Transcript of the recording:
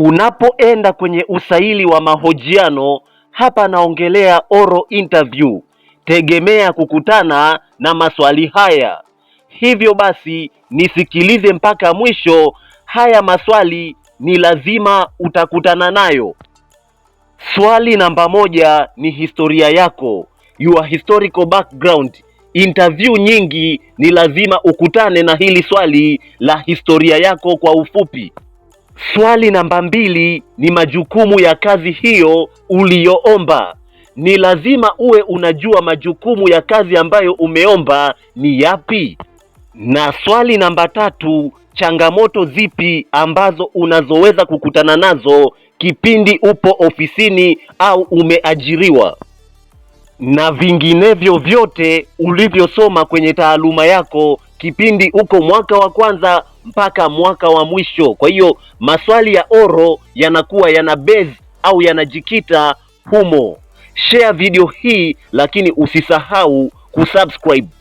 unapoenda kwenye usaili wa mahojiano, hapa naongelea oral interview, tegemea kukutana na maswali haya. Hivyo basi nisikilize mpaka mwisho, haya maswali ni lazima utakutana nayo. Swali namba moja ni historia yako, your historical background. Interview nyingi ni lazima ukutane na hili swali la historia yako kwa ufupi. Swali namba mbili ni majukumu ya kazi hiyo uliyoomba. Ni lazima uwe unajua majukumu ya kazi ambayo umeomba ni yapi. Na swali namba tatu, changamoto zipi ambazo unazoweza kukutana nazo kipindi upo ofisini au umeajiriwa? Na vinginevyo vyote ulivyosoma kwenye taaluma yako kipindi uko mwaka wa kwanza mpaka mwaka wa mwisho. Kwa hiyo maswali ya oro yanakuwa yana base au yanajikita humo. Share video hii, lakini usisahau kusubscribe.